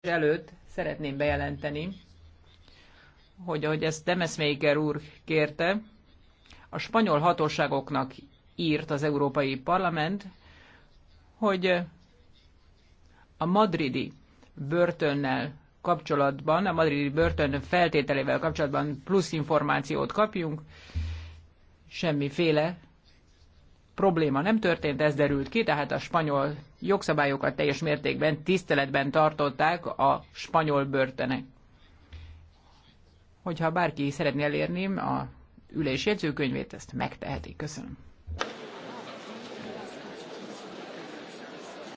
előtt szeretném bejelenteni, hogy ahogy ezt Demesmaker úr kérte, a spanyol hatóságoknak írt az Európai Parlament, hogy a madridi börtönnel kapcsolatban, a madridi börtön feltételével kapcsolatban plusz információt kapjunk, semmiféle probléma nem történt, ez derült ki, tehát a spanyol jogszabályokat teljes mértékben tiszteletben tartották a spanyol börtönek. Hogyha bárki szeretné elérni a ülés jegyzőkönyvét, ezt megteheti. Köszönöm.